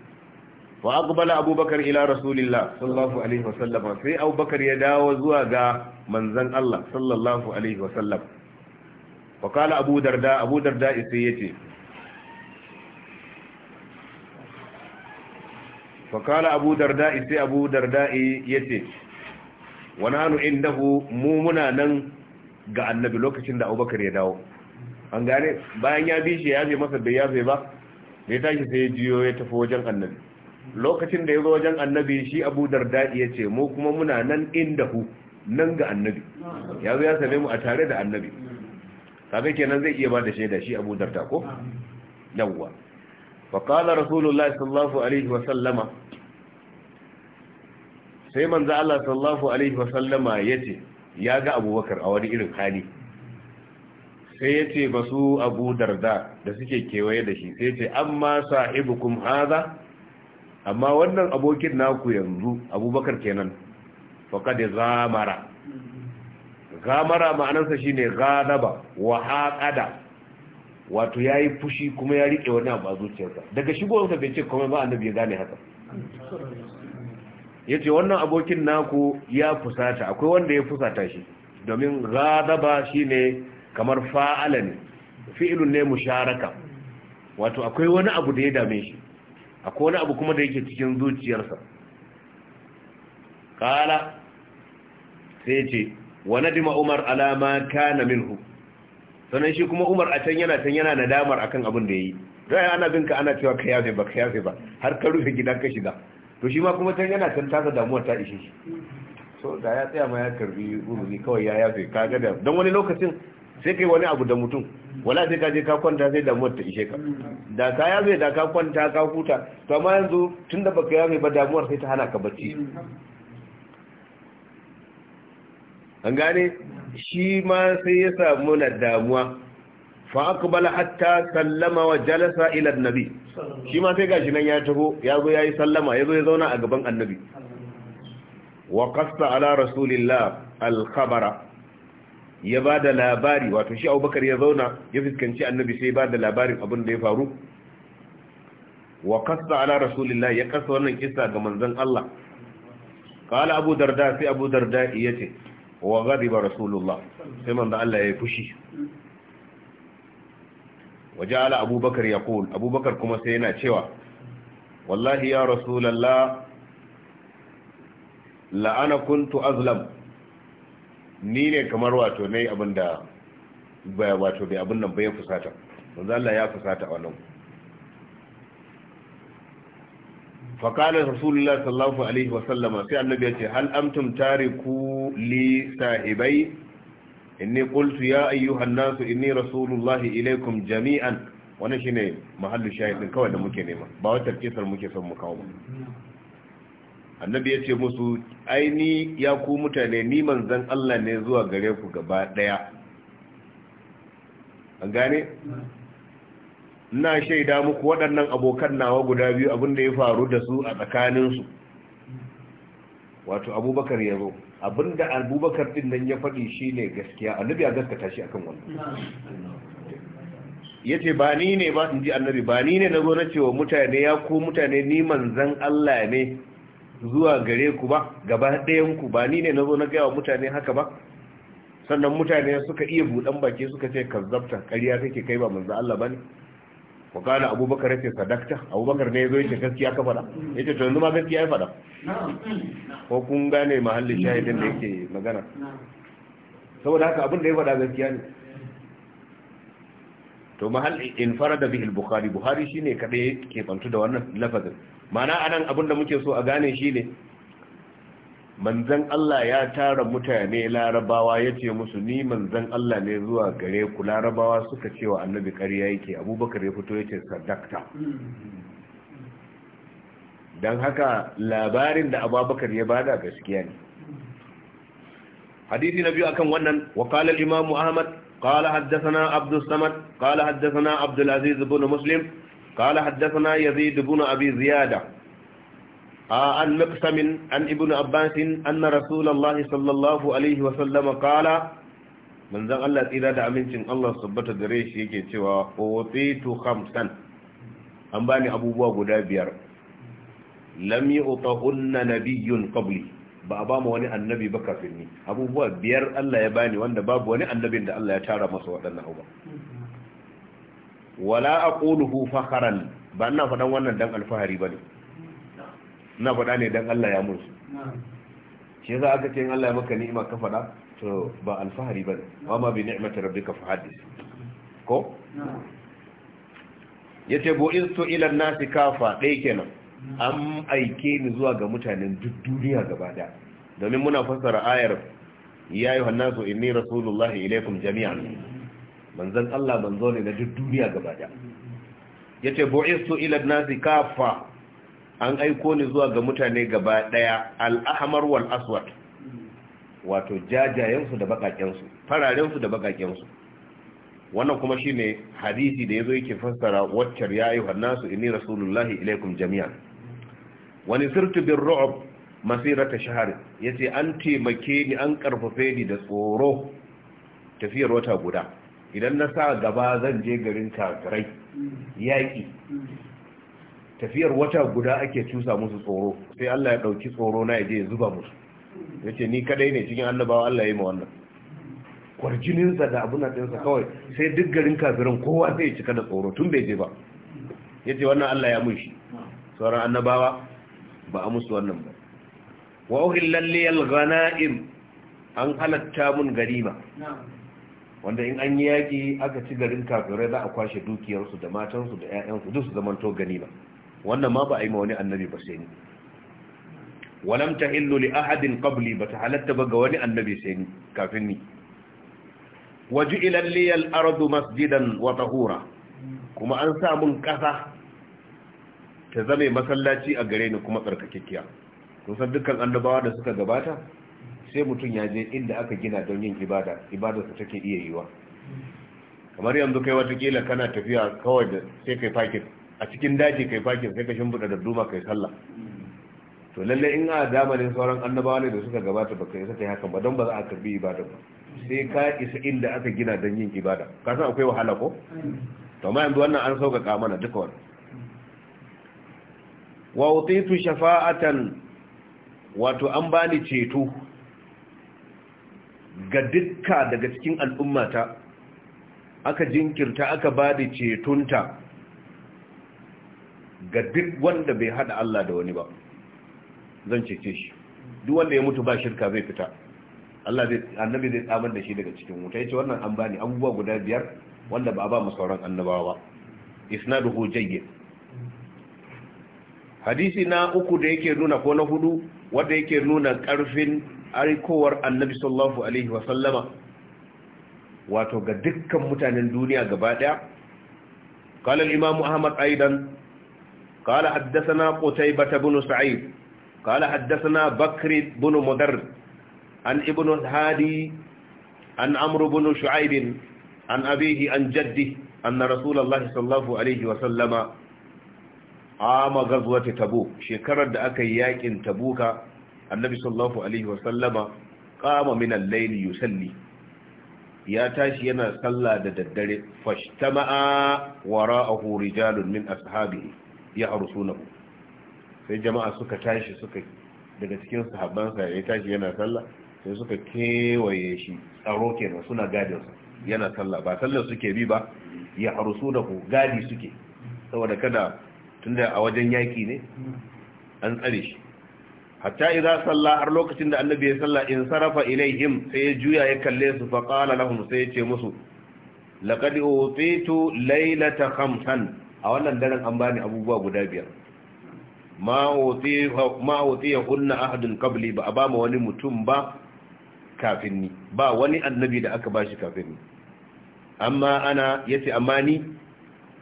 Fa aqbala abubakar ila rasulillah sallallahu alaihi wasallam sai abubakar ya dawo zuwa ga manzon Allah sallallahu alaihi wasallam wa kala abu darda abu darda sai yace fa kala abu darda sai abu darda yace wa nanu indahu mu muna nan ga annabi lokacin da abubakar ya dawo an gane bayan ya bi shi ya bi masa bai ya zai ba da tashi sai ya jiyo ya tafi wajen annabi lokacin da ya zo wajen annabi shi abu dardadi ya ce mu kuma muna nan inda hu nan ga annabi ya zo ya same mu a tare da annabi kaga kenan zai iya ba da shaida shi abu darda ko yawwa fa qala rasulullahi sallallahu alaihi wa sallama sai manzo Allah sallallahu alaihi wa sallama yace ya ga abubakar a wani irin hali sai ya ce ba su abu darda da suke kewaye da shi sai ce amma sahibukum haza amma wannan abokin naku yanzu abubakar kenan ya zamara zamara ma'anarsa shine Gadaba wa haƙada, wato ya yi fushi kuma ya riƙe wani abu a zuciyarsa daga shigowarsa bai ce kuma ba annabi ya gane haka ce wannan abokin naku ya fusata akwai wanda ya fusata shi domin shi ne. kamar fa'ala ne fi'ilun ne musharaka wato akwai wani abu da ya dame shi akwai wani abu kuma da yake cikin zuciyarsa kala sai ce wa nadima umar alama kana minhu sannan shi kuma umar a can yana can yana nadamar akan abin da yayi rai ana binka ka ana cewa ka yafe ba ka yafe ba har ka rufe gidan ka shiga to shi ma kuma can yana can tasa damuwar ta ishe shi so da ya tsaya ma ya karbi gurbi kawai ya yafe ka ga da don wani lokacin sai kai wani abu da mutum wala sai ka je ka kwanta sai damuwar ta ishe ka da ka zai da ka kwanta ka huta to amma yanzu tunda baka yafe ba damuwar sai ta hana ka bacci an gane shi ma sai ya samu na damuwa fa aqbala hatta sallama wa jalasa ila annabi shi ma sai gashi nan ya taho ya zo yayi sallama ya zo ya zauna a gaban annabi wa qasta ala rasulillah al khabara ya ba da labari wato shi abubakar ya zauna ya fuskanci annabi sai ba da labarin abin da ya faru wa kasta ala rasulillah ya kasa wannan kisa ga manzon Allah qala abu darda sai abu darda yace wa ghadiba rasulullah sai manzon Allah ya yi fushi waja'ala abubakar yaqul abubakar kuma sai yana cewa wallahi ya rasulullah la ana kuntu azlam ni ne kamar wato ne abin da ba wato bai abin nan bai fusata manzo Allah ya fusata wannan fa qala rasulullahi sallallahu alaihi wa sallama sai annabi ya ce hal amtum tariku li sahibai inni qultu ya ayyuhan nas inni rasulullahi ilaikum jami'an wannan shine mahallu shahidin kawai da muke nema ba wata tafsir muke son mu kawo ba annabi ya ce musu aini ya ku mutane ni manzan Allah ne zuwa gare ku gaba daya an gane ina shaida muku waɗannan abokan nawa guda biyu abinda ya faru da su a tsakaninsu wato abubakar ya zo abinda abubakar din nan ya faɗi shi ne gaskiya annabi ya gaskata shi akan wannan ya ce ba ni ne ba in ji annabi ba ni ne na zo na cewa mutane ya ku mutane ni manzan Allah ne zuwa gare ku ba gaba ɗayan ku ba ni ne na zo na gaya wa mutane haka ba sannan mutane suka iya buɗan baki suka ce kazzabta ƙarya take kai ba manzo Allah bane Ku kana abubakar yake sadakta abubakar ne yazo yake gaskiya ka fada yace to yanzu ma gaskiya ya faɗa? ko kun gane mahallin shahidin da yake magana saboda haka abin da ya faɗa gaskiya ne to mahal in bihi al-bukhari buhari shine kadai ke bantu da wannan lafazin mana anan abin da muke so a gane shi ne manzan Allah ya tara mutane larabawa ya ce musu ni manzan Allah ne zuwa gare ku larabawa suka ce wa annabi ƙarya yake abubakar ya fito ya ce sadakta don haka labarin da abubakar ya bada gaskiya ne hadisi na biyu akan wannan wakalar imam ahmad qala حدثنا Abdul Samad qala حدثنا Abdul Aziz ibn Muslim قال حدثنا يزيد بن أبي زيادة عن مقسم عن ابن عباس أن رسول الله صلى الله عليه وسلم قال من ذا الله إذا دعمنت الله صبت دريش يكي توا أوطيت خمسا أنباني أبو باب دابير لم يؤطهن نبي قبلي ba a ba mu wani annabi ba kafin ni abubuwa biyar Allah ya bani wanda babu wani annabin da Allah ya tara masa waɗannan abubuwa wala aquluhu fakharan ba ina faɗan wannan dan alfahari bane ina faɗa ne dan Allah ya mun shi yasa aka ce in Allah ya maka ni'ima ka faɗa to ba alfahari bane wa ma bi ni'mati rabbika fahaddith ko yace bo istu ila an-nasi kafa dai kenan an aike ni zuwa ga mutanen duk duniya gaba da domin muna fassara ayar ya ayyuhan nasu inni rasulullahi ilaikum jami'an manzan Allah manzo ne na duk duniya gaba da yace bu'istu ila an-nasi kaffa an aiko ni zuwa ga mutane gaba daya al-ahmar wal aswad wato jajayensu da fararen fararensu da su wannan kuma shine hadisi da yazo yake fassara waccar ya yi nasu inni rasulullahi ilaikum jami'an wani sirtu bin ru'ub masirata shahar yace an taimake ni an karfafe ni da tsoro tafiyar wata guda idan na sa gaba zan je garin kagarai yaƙi tafiyar wata guda ake cusa musu tsoro sai Allah ya ɗauki tsoro na ya je ya zuba musu ya ce ni kadai ne cikin annabawa Allah ya yi ma wannan kwarjininsa da abin ɗinsa kawai sai duk garin kafirin kowa sai ya cika da tsoro tun bai je ba ya ce wannan Allah ya mun shi sauran annabawa ba a musu wannan ba Wauhin lalliyar gana'im an halatta mun garima wanda in an yi yaƙi aka ci garin kafirai za a kwashe dukiyarsu da matansu da 'ya'yansu duk su gani ba, wannan ma ba a yi ma wani annabi ba sai ni walam ta illu li ahadin qabli bata halatta ba ga wani annabi sai ni kafin ni waju'ila li al-ardu masjidan wa tahura kuma an sa mun kasa ta zame masallaci a gare ni kuma tsarkakekkiya kun san dukkan annabawa da suka gabata sai mutum ya je inda aka gina don yin ibada ibadarsa take iya yiwa kamar yanzu kai watakila kana tafiya kawai da sai kai fakin a cikin daji kai fakin sai ka shimfiɗa da duma kai sallah to lalle in a zamanin sauran annabawa ne da suka gabata ba kai saka hakan ba don ba za a karbi ibada ba sai ka isa inda aka gina don yin ibada ka san akwai wahala ko to amma yanzu wannan an sauƙaƙa mana duka wannan wa utitu shafa'atan wato an bani ceto ga dukka daga cikin al'ummata aka jinkirta aka ba da cetonta ga duk wanda bai hada Allah da wani ba zan cece shi duk wanda ya mutu ba shirka zai fita Allah zai annabi zai tsamar da shi daga cikin wuta yace wannan an bani abubuwa guda biyar wanda ba a ba mu sauran annabawa isnaduhu jayyid hadisi na uku da yake nuna ko na hudu wanda yake nuna karfin aikowar annabi sallallahu alaihi wasallama wato ga dukkan mutanen duniya gaba daya قال الإمام أحمد أيضا قال حدثنا قتيبة بن سعيد قال حدثنا بكر بن مدر عن ابن الهادي عن عمرو بن شعيب عن أبيه عن جده أن رسول الله صلى الله عليه وسلم عام غزوة تبوك شكرا أكياك تبوك annabi sallallahu alaihi wa sallama qama min al-layl yusalli ya tashi yana salla da daddare fashtama'a wara'ahu rijalun min ashabihi ya'rusunahu sai jama'a suka tashi suka daga cikin sahabbansa ya tashi yana salla sai suka kewaye shi tsaro kenan suna gadinsa yana sallah ba sallar suke bi ba ya harsunahu gadi suke saboda kada tunda a wajen yaki ne an tsare shi hatta idza salla har lokacin da annabi ya salla in sarafa ilaihim sai ya juya ya kalle su fa qala lahum sai ya ce musu laqad utitu laylata khamsan a wannan daren an bani abubuwa guda biyar ma utiya hunna ahadun qabli ba a ba ma wani mutum ba kafin ni ba wani annabi da aka bashi kafin ni amma ana yace amma ni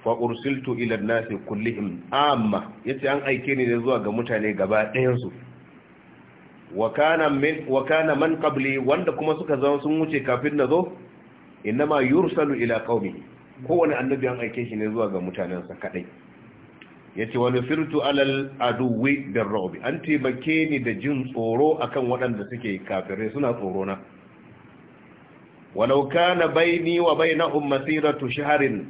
fa ursiltu ila an-nasi kullihim amma yace an aike ni zuwa ga mutane gaba ɗayan su wa kana man qabli wanda kuma suka zama sun wuce kafin nazo ma yursalu ila qaumi kowane annabi an aike shi ne zuwa ga mutanensa kadai yace wa nusirtu alal aduwi birrubi an taimake ni da jin tsoro akan waɗanda suke kafirai suna tsoro na walau kana baini wa bainahum masiratu shahrin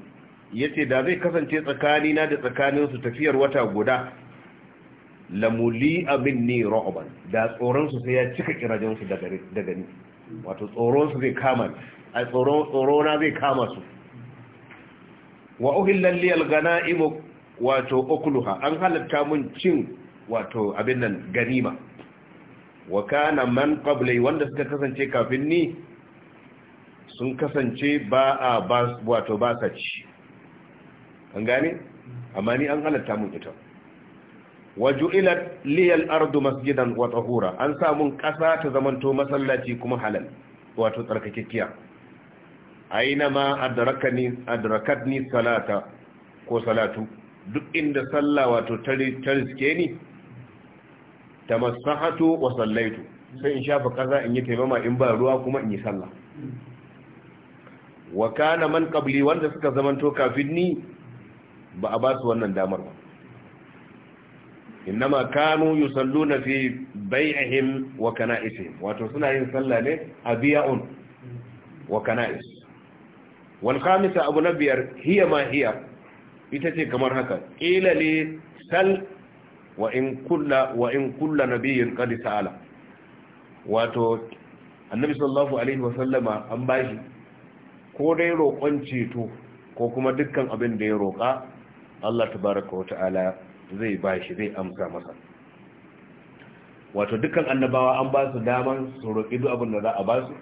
yace da zai kasance tsakani na da tsakaninsu tafiyar wata guda lamuli abin ni ra'uban da tsoronsu sai ya cika kirajensu da gani wato tsoronsu zai kama a tsorona zai kama su wa uhillan liyal ganaimu wato okuluha an halatta mun cin wato abin nan ganima wa kana man qablai wanda suka kasance kafin ni sun kasance ba a wato ba sa ci an gane amma ni an halatta mun ita waju'ilat liyal ardu masjidan wa tahura an samun ƙasa ta zamanto masallaci kuma halal wato tsarkakekkiya aina ma adrakani adrakatni salata ko salatu duk inda sallah wato ta riske ni masahatu wa sallaitu sai in shafa kasa in yi taimama in ba ruwa kuma in yi sallah wa kana man qabli wanda suka zamanto kafin ni ba a ba su wannan damar ba innama kanu yusalluna fi bai'ihim wa kana'isihim wato suna yin sallah ne a biya'un wa kana'is wal khamisa abu na biyar hiya ma hiya ita ce kamar haka ilale li sal wa in kulla wa in kulla nabiyyin qad sa'ala wato annabi sallallahu alaihi wa sallama an bashi ko dai roƙon ceto ko kuma dukkan abin da ya roƙa Allah tabaraka wa ta'ala zai ba shi zai amsa masa wato dukkan annabawa an ba su daman su roƙi duk abin da za a ba su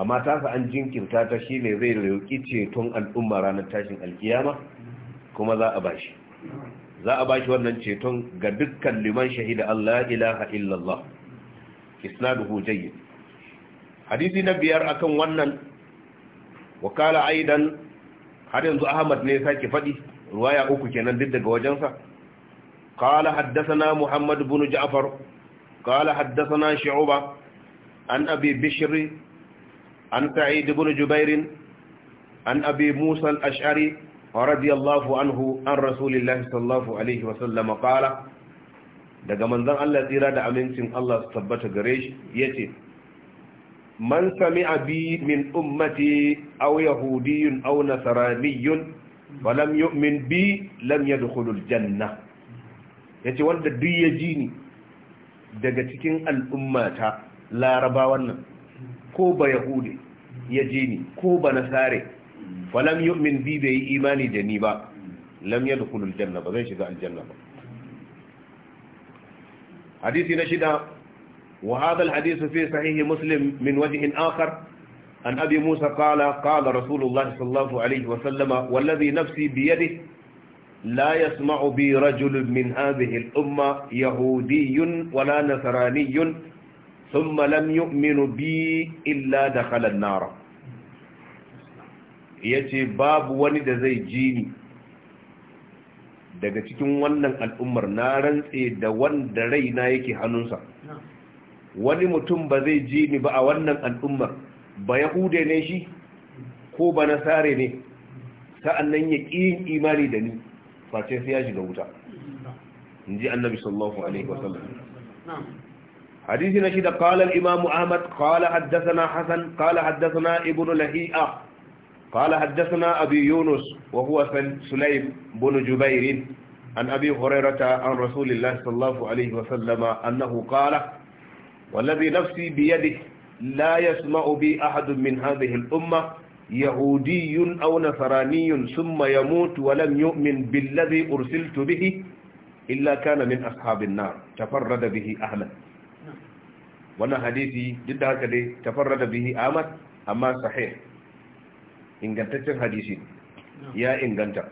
amma tasa an jinkirta ta shi ne zai roƙi ceton al'umma ranar tashin alkiyama kuma za a ba shi za a ba shi wannan ceton ga dukkan liman shahida Allah ilaha illallah isnaduhu jayyid hadisi na biyar akan wannan wakala aidan har yanzu Ahmad ne sake faɗi ruwaya uku kenan duk daga wajensa قال حدثنا محمد بن جعفر قال حدثنا شعبة عن أبي بشر عن سعيد بن جبير عن أبي موسى الأشعري رضي الله عنه عن رسول الله صلى الله عليه وسلم قال daga manzon Allah tsira da amincin Allah su tabbata gare shi yace man sami'a bi min ummati aw yahudiyyun aw nasraniyyun falam yu'min bi lam yadkhulul janna ya ce wanda duk ya ji ni daga cikin al'ummata larabawan nan ko ba yahudi ya ji ni ko ba nasare falam yu'min bi bai yi imani da ni ba lam yadkhulu aljanna ba zai shiga aljanna ba hadisi na shida wa hadha alhadith fi sahih muslim min wajh akhar an abi musa qala qala rasulullah sallallahu alaihi wa sallama wallazi nafsi bi yadihi لا يسمع بي رجل من هذه الأمة يهودي ولا نصراني ثم لم يؤمن بي إلا دخل النار yace babu wani da zai ji ni daga cikin wannan al'ummar na rantse da wanda raina yake hannunsa wani mutum ba zai ji ni ba a wannan al'ummar ba yahude ne shi ko ba nasare ne sa'annan ya ƙi imani da ni face sai ya shiga wuta حديثنا شدة قال الإمام أحمد قال حدثنا حسن قال حدثنا ابن لهيئة قال حدثنا أبي يونس وهو سليم بن جبير عن أبي هريرة عن رسول الله صلى الله عليه وسلم أنه قال والذي نفسي بيده لا يسمع بي أحد من هذه الأمة yahudiyun aw nasaraniyun thumma yamut wa lam yu'min billadhi ursiltu bihi illa kana min ashabin nar tafarrada bihi ahmad wannan hadisi duk da haka dai tafarrada bihi ahmad amma sahih ingantaccen hadisi ya inganta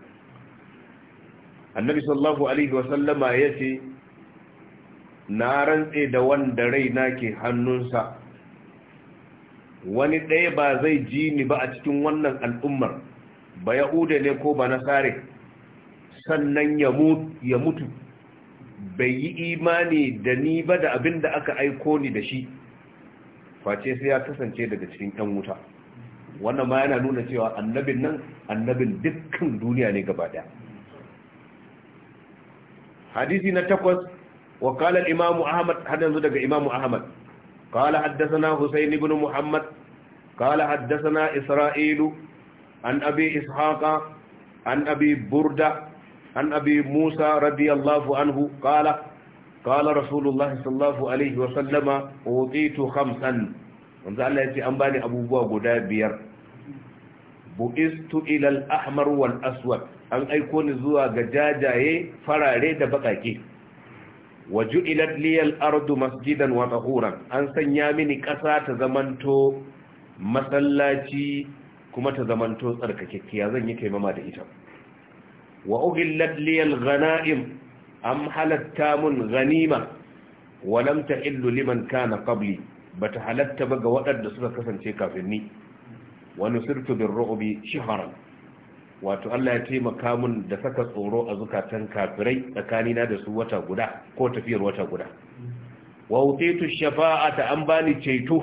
annabi sallallahu alaihi wa sallama yace na rantse da wanda raina ke hannunsa wani ɗaya ba zai ji ni ba a cikin wannan al'ummar ba ude ne ko ba nasare sannan ya mutu bai yi imani da ni ba da abin da aka aiko ni da shi face sai ya kasance daga cikin 'yan wuta wannan ma yana nuna cewa annabin nan annabin dukkan duniya ne gaba daya hadisi na takwas wa imamu ahmad har yanzu daga imamu ahmad قال حدثنا حسين بن محمد قال حدثنا إسرائيل عن أبي إسحاق عن أبي بردة عن أبي موسى رضي الله عنه قال قال رسول الله صلى الله عليه وسلم أوتيت خمسا wanzu Allah ya ce an bani abubuwa guda biyar bu'istu ilal ahmar wal aswad an aiko ni zuwa ga jajaye farare da bakake wa ju'ilat liyal ardu masjidan wa tahuran an sanya mini ƙasa ta zamanto masallaci kuma ta zamanto tsarkakekkiya zan yi taimama da ita wa uhillat liyal ghana'im am halatta mun ghanima wa lam tahillu liman kana qabli bata halatta ba ga waɗanda suka kasance kafin ni wa nusirtu birru'bi shahran wato Allah ya taimaka mun da saka tsoro a zukatan kafirai tsakani na da su wata guda ko tafiyar wata guda wa shafa'a ta an bani ceto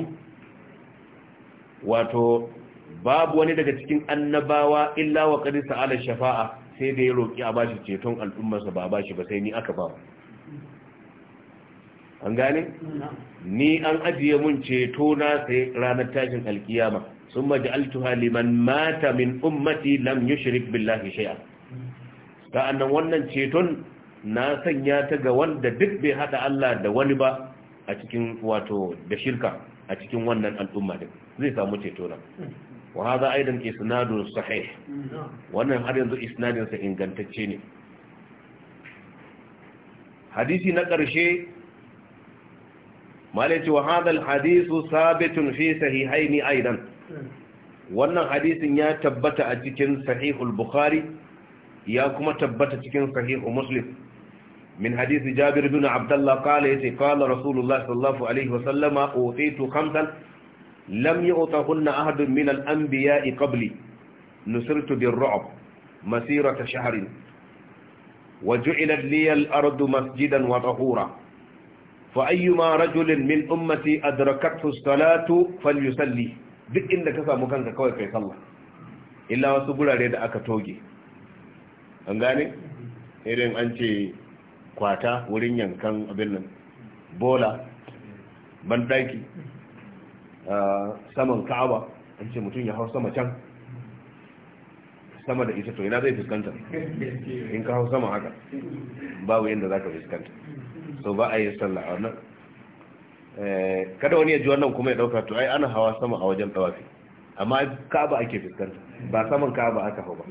wato babu wani daga cikin annabawa illa wa qad sa'ala shafa'a sai da ya roki a bashi ceton sa ba bashi ba sai ni aka ba an gane ni an ajiye mun ceto na sai ranar tashin alkiyama ثم جعلتها لمن مات من أمتي لم يشرك بالله شيئا sa'annan wannan ceton na sanya ta ga wanda duk bai hada Allah da wani ba a cikin wato da shirka a cikin wannan al'umma din zai samu ceto na wa hadha aidan isnadun sahih wannan har yanzu isnadin sa ingantacce ne hadisi na ƙarshe malaci wa hadha al sabitun fi sahihaini aidan wannan hadisin ya tabbata a cikin sahihul bukhari ya kuma tabbata cikin sahihu muslim min hadisi jabir bin abdullah qala yace qala rasulullah sallallahu alaihi wasallama utitu khamsan lam yu'tahunna ahadun min al-anbiya'i qabli nusirtu bir-ru'b masirata shahrin وجعلت لي الأرض مسجدا وطهورا فأيما رجل من أمتي أدركته الصلاة salli duk inda ka samu kanka kawai kai sallah illa wasu gurare da aka toge an gane irin an ce kwata wurin yankan abin nan bola bandaki saman ka'aba an ce mutum ya hau sama can sama da ita to ina zai fuskanta in ka hau sama haka babu yadda za ka fuskanta so ba a yi sallah a wannan Eh, kada wani ya ji wannan kuma ya dauka to ai ana hawa sama a wajen tawafi amma ka'aba ake fuskanta ba saman ka'aba aka hau ba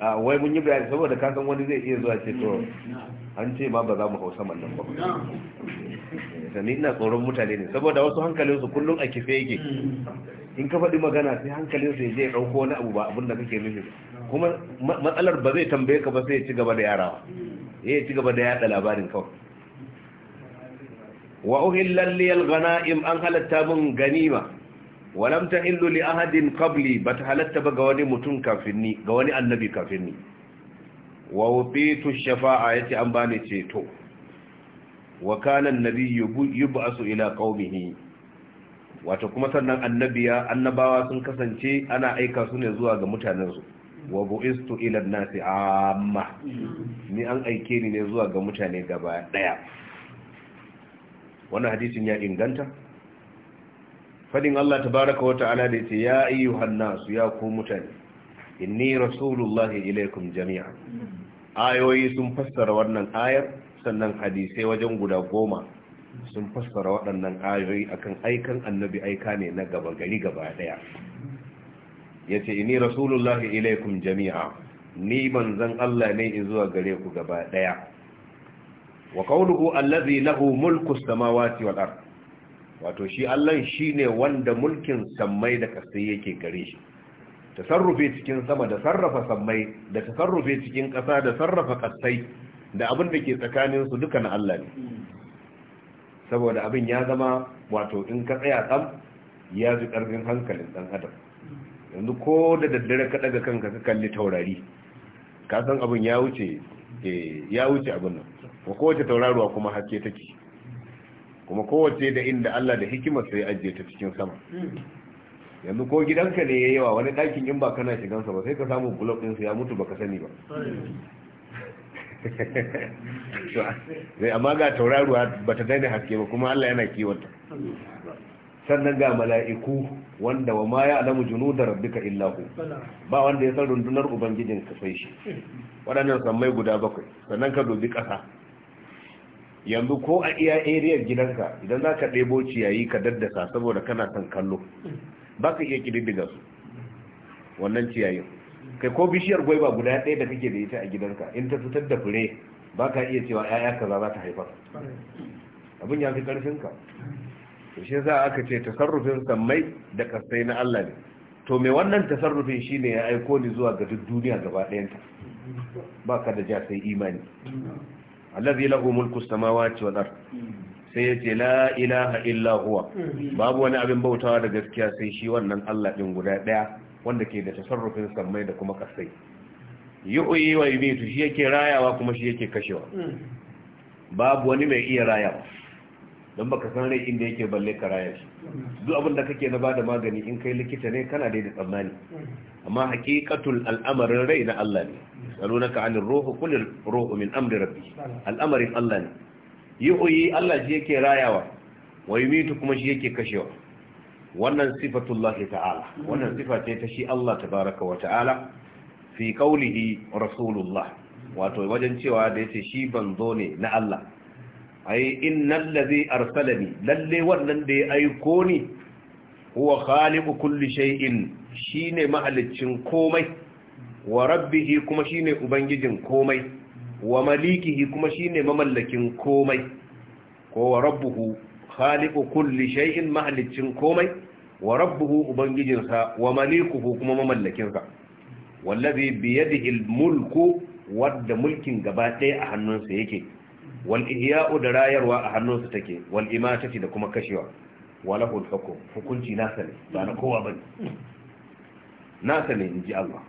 a wai mun yi bayani saboda ka san wani zai iya zuwa ce to an ce ma ba za mu hau saman nan ba sani eh, ina tsoron mutane ne saboda wasu su kullum a kife yake in ka faɗi magana sai hankalin ya je ya ɗauko wani abu ba abin da kake nufi kuma matsalar ba zai tambaye ka ba sai ya ci gaba da yarawa ya ci gaba da yaɗa labarin kawai wa uhillal liyal ghanaim an halatta mun ganima wa lam tahillu li ahadin qabli bat halatta ba ga wani mutum kafin ni ga wani annabi kafin ni wa wufitu shafa'a yace an bani ceto wa kana annabiyyu yub'asu ila qaumihi wato kuma sannan annabiya annabawa sun kasance ana aika su ne zuwa ga mutanensu wa bu'istu ila nasi amma ni an aike ni ne zuwa ga mutane gaba daya Wani hadisin ya inganta fadin Allah tabaraka wa ta'ala da yace ya ayyuhan nas ya ku mutane inni rasulullahi ilaikum jami'a. ayoyi sun fassara wannan ayar sannan hadisai wajen guda goma sun fassara waɗannan ayoyi akan aikan annabi aika ne na gaba gari gaba daya yace inni rasulullahi ilaikum jami'a ni manzon Allah ne zuwa gare ku gaba daya wa kauluhu allazi lahu mulku samawati wal ard wato shi Allah shine wanda mulkin sammai da kasai yake gare shi tasarrufi cikin sama da sarrafa sammai da tasarrufi cikin kasa da sarrafa kasai da abin da ke tsakanin su duka na Allah ne saboda abin ya zama wato in ka tsaya tsam ya ji karfin hankalin ɗan adam yanzu ko da daddare ka ɗaga kanka ka kalli taurari ka san abin ya wuce Eh, ya wuce abin nan ko kowace tauraruwa kuma haske take kuma kowace da inda Allah da hikimar sai ajiye ta cikin sama yanzu ko gidanka ne ya yawa wani dakin in ba kana shigansa ba sai ka samu bulok sai ya mutu baka sani ba eh, amma ga tauraruwa bata ta daina haske ba kuma Allah yana kiwonta sannan ga mala'iku wanda wa ma ya alamu junu da rabbika illahu ba wanda ya san rundunar ubangijin ka sai shi waɗannan samai guda bakwai sannan ka dobi ƙasa yanzu ko a iya ariyar gidanka idan za ka ɗebo ciyayi ka daddasa saboda kana kan kallo ba ka iya ƙididdiga su wannan ciyayin kai ko bishiyar gwaiba guda ɗaya da kake da ita a gidanka in ta fitar da fure ba ka iya cewa 'ya'ya kaza za ta haifar abin ya fi ƙarfinka to shi a aka ce tasarrufin sammai da kasai na Allah ne to mai wannan tasarrufin shi ne ya aiko ni zuwa ga duk duniya gaba ɗayanta ka da ja sai imani allazi lahu mulku samawati wal ard sai ya ce la ilaha illa huwa babu wani abin bautawa da gaskiya sai shi wannan Allah din guda ɗaya, wanda ke da tasarrufin Samai da kuma kasai yu'yi wa yumitu shi yake rayawa kuma shi yake kashewa babu wani mai iya rayawa don baka san rai inda yake balle ka raya shi duk abin da kake na bada magani in kai likita ne kana dai da tsammani amma haqiqatul al'amarin rai na Allah ne salunaka anir ruhu kul ruhu min amri rabbi al'amarin Allah ne yuhyi Allah shi yake rayawa wa yumitu kuma shi yake kashewa wannan sifatullahi ta'ala wannan sifa ce ta shi Allah tabaraka wa ta'ala fi qawlihi rasulullah wato wajen cewa da yace shi banzo ne na Allah ai innal ladhi arsalani lalle wannan da ya aiko ni huwa khaliqu kulli shay'in shine mahaliccin komai wa rabbihi kuma shine ubangijin komai wa malikihi kuma shine mamallakin komai ko wa rabbuhu khaliqu kulli shay'in mahaliccin komai wa rabbuhu ubangijinsa wa malikuhu kuma mamallakinsa wallazi biyadihi almulku wadda mulkin gaba daya a hannunsa yake wal ihya'u da rayarwa a hannunsa take wal imatati da kuma kashewa wala hul hukum hukunci nasa ne ba na kowa bane nasa ne inji Allah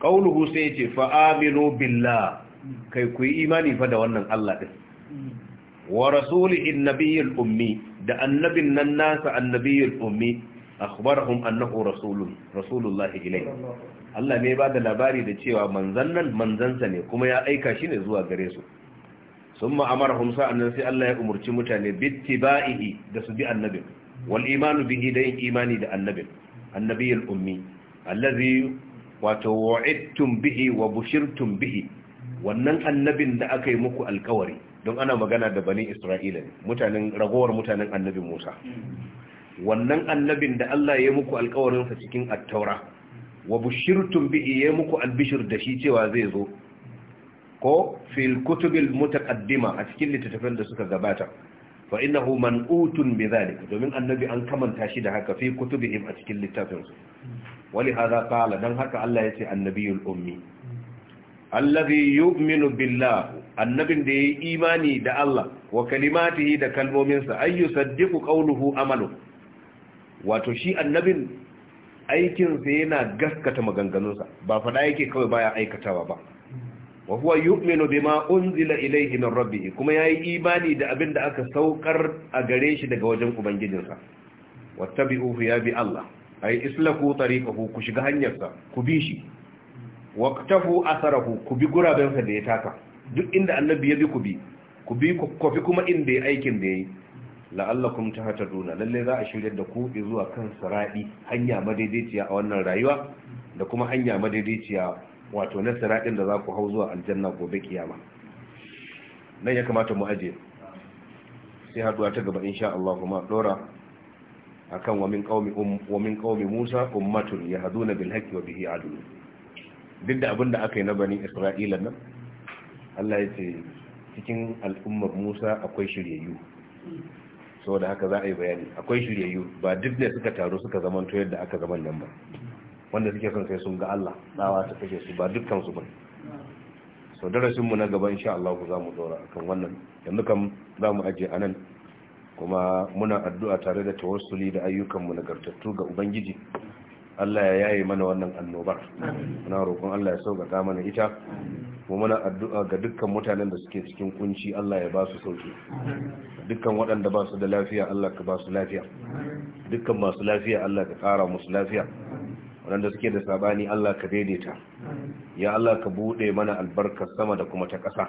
qauluhu sai yace fa aminu billah kai ku imani fa da wannan Allah din wa rasulihin nabiyil ummi da annabin nan nasa annabiyil ummi akhbarahum annahu rasulun rasulullah ilayhi Allah ne ba da labari da cewa manzan nan manzansa ne kuma ya aika shi ne zuwa gare su sun ma'amara humsa annan sai Allah ya umarci mutane bittiba'ihi da su bi annabin wal imanu bihi da yin imani da annabin annabiyul ummi allazi wato wa'idtum bihi wa bushirtum bihi wannan annabin da aka yi muku alkawari don ana magana da bani isra'ila mutanen ragowar mutanen annabi musa wannan annabin da allah ya muku sa cikin attaura wa bushirtum bihi ya muku albishir da shi cewa zai zo ko fil kutubil mutaqaddima a cikin littattafan da suka gabata fa innahu man'utun bidhalik domin annabi an kamanta shi da haka fi kutubihim a cikin littafin su wali hadha qala dan haka Allah yace annabiyul ummi alladhi yu'minu billah annabin da yayi imani da Allah wa kalimatihi da kalmominsa ay yusaddiqu qawluhu amalu wato shi annabin aikinsa yana gaskata maganganunsa ba fada yake kawai baya aikatawa ba wa huwa yu'minu bima unzila ilayhi min rabbih kuma yayi imani da abin da aka saukar a gare shi daga wajen ubangijinsa wattabi'u ya bi Allah ay islaku tariqahu ku shiga hanyarsa ku bi shi waqtahu atharahu ku bi gurabensa da ya taka duk inda annabi ya bi ku bi ku bi ku fi kuma inda ya aikin da yayi la'allakum tahtaduna lalle za a shirya da ku zuwa kan siradi hanya madaidaiciya a wannan rayuwa da kuma hanya madaidaiciya wato na sira'in da za ku hau zuwa aljanna gobe kiyama nan ya kamata mu aje sai haduwa ta gaba insha Allah kuma dora akan wa min qaumi um wa qaumi Musa ummatun yahduna bil haqqi wa bihi adlu duk da abinda aka yi na bani Isra'ila nan Allah ya ce cikin al'ummar Musa akwai shiryayyu saboda haka za a yi bayani akwai shiryayyu ba duk da suka taru suka zamanto yadda aka zaman nan ba wanda suke son sai sun ga Allah tsawa ta kashe su ba dukkan su ba so mu na gaba insha Allah za mu dora akan wannan yanzu kam za aje anan kuma muna addu'a tare da tawassuli da ayyukan ayyukanmu nagartattu ga ubangiji Allah ya yaye mana wannan annobar muna roƙon Allah ya sauƙaƙa mana ita mu muna addu'a ga dukkan mutanen da suke cikin kunci Allah ya ba su sauki dukkan waɗanda ba su da lafiya Allah ka ba su lafiya dukkan masu lafiya Allah ka ƙara musu lafiya waɗanda suke da sabani Allah ka daidaita ya Allah ka buɗe mana albarkar sama da kuma ta ƙasa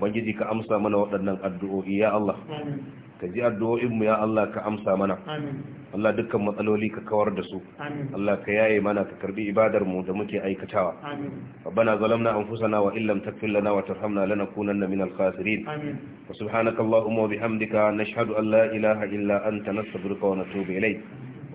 ubangiji ka amsa mana waɗannan addu'o'i ya Allah ka ji addu'o'inmu ya Allah ka amsa mana Allah dukkan matsaloli ka kawar da su Allah ka yaye mana ka karbi ibadar mu da muke aikatawa rabbana zalamna anfusana wa illam taghfir lana wa tarhamna lanakunanna minal khasirin wa subhanakallahumma wa bihamdika nashhadu an la ilaha illa anta nastaghfiruka wa natubu ilayk